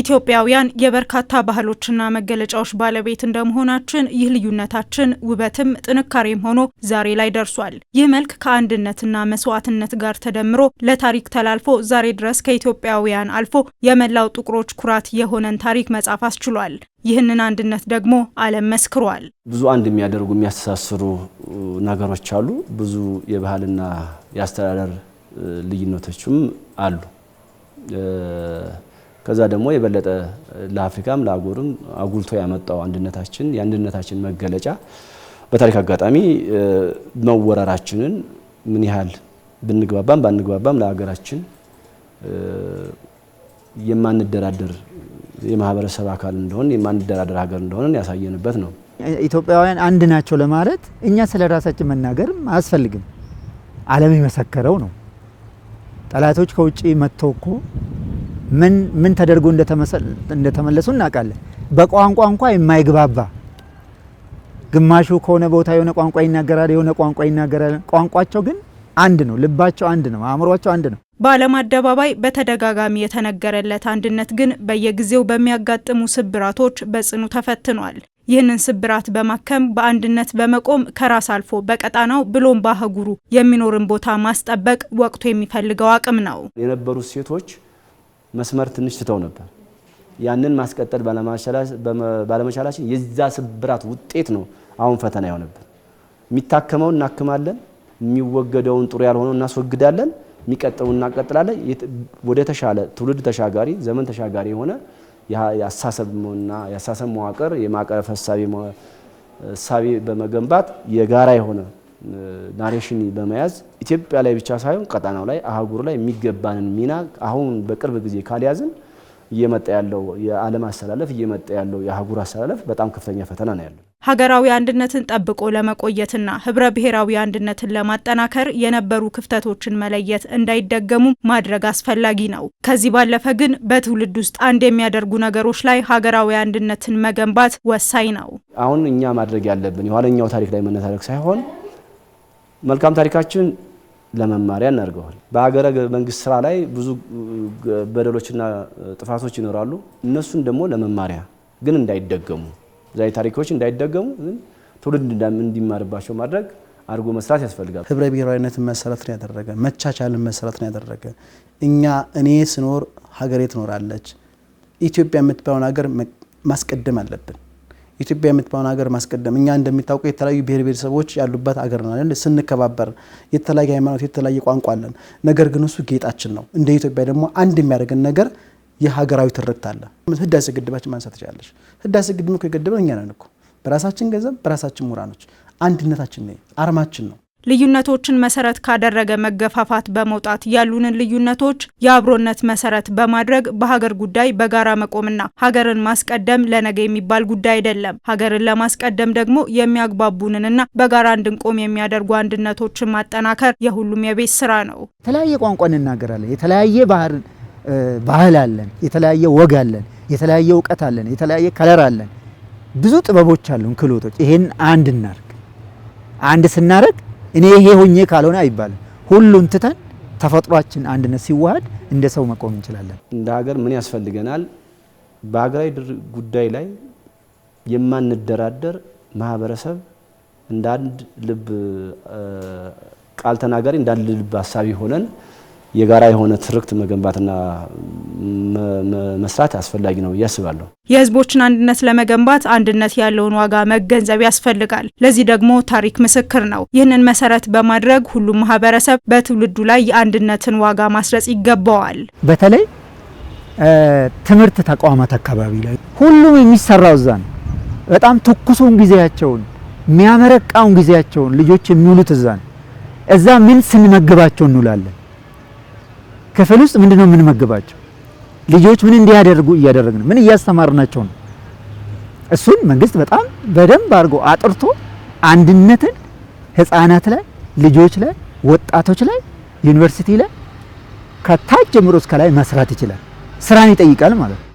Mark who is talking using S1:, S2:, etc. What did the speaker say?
S1: ኢትዮጵያውያን የበርካታ ባህሎችና መገለጫዎች ባለቤት እንደመሆናችን ይህ ልዩነታችን ውበትም ጥንካሬም ሆኖ ዛሬ ላይ ደርሷል። ይህ መልክ ከአንድነትና መስዋዕትነት ጋር ተደምሮ ለታሪክ ተላልፎ ዛሬ ድረስ ከኢትዮጵያውያን አልፎ የመላው ጥቁሮች ኩራት የሆነን ታሪክ መጻፍ አስችሏል። ይህንን አንድነት ደግሞ ዓለም መስክሯል።
S2: ብዙ አንድ የሚያደርጉ የሚያስተሳስሩ ነገሮች አሉ። ብዙ የባህልና የአስተዳደር ልዩነቶችም አሉ። ከዛ ደግሞ የበለጠ ለአፍሪካም ለአጉርም አጉልቶ ያመጣው አንድነታችን የአንድነታችን መገለጫ በታሪክ አጋጣሚ መወረራችንን ምን ያህል ብንግባባም ባንግባባም ለሀገራችን የማንደራደር የማህበረሰብ አካል እንደሆን የማንደራደር ሀገር እንደሆነን ያሳየንበት ነው።
S3: ኢትዮጵያውያን አንድ ናቸው ለማለት እኛ ስለ ራሳችን መናገር አያስፈልግም። ዓለም የመሰከረው ነው። ጠላቶች ከውጭ መጥተው እኮ ምን ምን ተደርጎ እንደተመለሱ እናውቃለን። በቋንቋ እንኳ የማይግባባ ግማሹ ከሆነ ቦታ የሆነ ቋንቋ ይናገራል፣ የሆነ ቋንቋ ይናገራል። ቋንቋቸው ግን አንድ ነው። ልባቸው አንድ ነው። አእምሯቸው አንድ ነው።
S1: በዓለም አደባባይ በተደጋጋሚ የተነገረለት አንድነት ግን በየጊዜው በሚያጋጥሙ ስብራቶች በጽኑ ተፈትኗል። ይህንን ስብራት በማከም በአንድነት በመቆም ከራስ አልፎ በቀጣናው ብሎም በአህጉሩ የሚኖርን ቦታ ማስጠበቅ ወቅቱ የሚፈልገው አቅም ነው።
S2: የነበሩት ሴቶች መስመር ትንሽ ትተው ነበር። ያንን ማስቀጠል ባለመቻላችን የዛ ስብራት ውጤት ነው አሁን ፈተና የሆነብን። የሚታከመው እናክማለን፣ የሚወገደውን ጥሩ ያልሆነው እናስወግዳለን፣ የሚቀጥለውን እናቀጥላለን። ወደ ተሻለ ትውልድ ተሻጋሪ ዘመን ተሻጋሪ የሆነ የአሳሰብና የአሳሰብ መዋቅር የማዕቀፍ ሳቢ በመገንባት የጋራ የሆነ ናሬሽን በመያዝ ኢትዮጵያ ላይ ብቻ ሳይሆን ቀጣናው ላይ አህጉሩ ላይ የሚገባንን ሚና አሁን በቅርብ ጊዜ ካልያዝን እየመጣ ያለው የዓለም አሰላለፍ እየመጣ ያለው የአህጉር አሰላለፍ በጣም ከፍተኛ ፈተና ነው ያለው።
S1: ሀገራዊ አንድነትን ጠብቆ ለመቆየትና ህብረ ብሔራዊ አንድነትን ለማጠናከር የነበሩ ክፍተቶችን መለየት እንዳይደገሙ ማድረግ አስፈላጊ ነው። ከዚህ ባለፈ ግን በትውልድ ውስጥ አንድ የሚያደርጉ ነገሮች ላይ ሀገራዊ አንድነትን መገንባት ወሳኝ ነው።
S2: አሁን እኛ ማድረግ ያለብን የኋለኛው ታሪክ ላይ መነታረክ ሳይሆን መልካም ታሪካችን ለመማሪያ እናድርገዋል። በሀገረ መንግስት ስራ ላይ ብዙ በደሎችና ጥፋቶች ይኖራሉ። እነሱን ደግሞ ለመማሪያ ግን እንዳይደገሙ ዛ ታሪኮች እንዳይደገሙ ትውልድ እንዲማርባቸው ማድረግ አድርጎ መስራት ያስፈልጋል።
S3: ህብረ ብሔራዊነትን መሰረት ነው ያደረገ መቻቻልን መሰረት ነው ያደረገ እኛ እኔ ስኖር ሀገሬ ትኖራለች። ኢትዮጵያ የምትባለውን ሀገር ማስቀደም አለብን። ኢትዮጵያ የምትባውን ሀገር ማስቀደም እኛ እንደሚታወቀው የተለያዩ ብሔር ብሔረሰቦች ያሉበት ሀገር ናለን። ስንከባበር የተለያየ ሃይማኖት፣ የተለያየ ቋንቋ አለን። ነገር ግን እሱ ጌጣችን ነው። እንደ ኢትዮጵያ ደግሞ አንድ የሚያደርገን ነገር የሀገራዊ ትርክት አለ። ህዳሴ ግድባችን ማንሳት ትችላለች። ህዳሴ ግድብ እኮ የገደበን እኛ ነን እኮ በራሳችን ገንዘብ በራሳችን ምሁራኖች አንድነታችን ነ አርማችን ነው።
S1: ልዩነቶችን መሰረት ካደረገ መገፋፋት በመውጣት ያሉንን ልዩነቶች የአብሮነት መሰረት በማድረግ በሀገር ጉዳይ በጋራ መቆምና ሀገርን ማስቀደም ለነገ የሚባል ጉዳይ አይደለም። ሀገርን ለማስቀደም ደግሞ የሚያግባቡንንና በጋራ እንድንቆም የሚያደርጉ አንድነቶችን ማጠናከር የሁሉም የቤት ስራ ነው።
S3: የተለያየ ቋንቋ እንናገራለን። የተለያየ ባህል አለን። የተለያየ ወግ አለን። የተለያየ እውቀት አለን። የተለያየ ከለር አለን። ብዙ ጥበቦች አሉን፣ ክህሎቶች። ይሄን አንድ እናርግ። አንድ ስናረግ እኔ ይሄ ሆኜ ካልሆነ አይባልም። ሁሉን ትተን ተፈጥሯችን አንድነት ሲዋሃድ እንደ ሰው መቆም እንችላለን።
S2: እንደ ሀገር ምን ያስፈልገናል? በሀገራዊ ጉዳይ ላይ የማንደራደር ማህበረሰብ እንደ አንድ ልብ ቃል ተናጋሪ እንደ አንድ ልብ ሀሳቢ ሆነን የጋራ የሆነ ትርክት መገንባትና መስራት አስፈላጊ ነው ብዬ አስባለሁ።
S1: የህዝቦችን አንድነት ለመገንባት አንድነት ያለውን ዋጋ መገንዘብ ያስፈልጋል። ለዚህ ደግሞ ታሪክ ምስክር ነው። ይህንን መሰረት በማድረግ ሁሉም ማህበረሰብ በትውልዱ ላይ የአንድነትን ዋጋ ማስረጽ ይገባዋል።
S3: በተለይ ትምህርት ተቋማት አካባቢ ላይ ሁሉም የሚሰራው እዛ ነው። በጣም ትኩሱን ጊዜያቸውን የሚያመረቃውን ጊዜያቸውን ልጆች የሚውሉት እዛ ነው። እዛ ምን ስንመግባቸው እንውላለን ክፍል ውስጥ ምንድነው የምንመግባቸው? ልጆች ምን እንዲያደርጉ እያደረግን ምን እያስተማርናቸው ነው? እሱን መንግስት በጣም በደንብ አድርጎ አጥርቶ አንድነትን ህፃናት ላይ፣ ልጆች ላይ፣ ወጣቶች ላይ፣ ዩኒቨርሲቲ ላይ ከታች ጀምሮ እስከ ላይ መስራት ይችላል። ስራን ይጠይቃል ማለት ነው።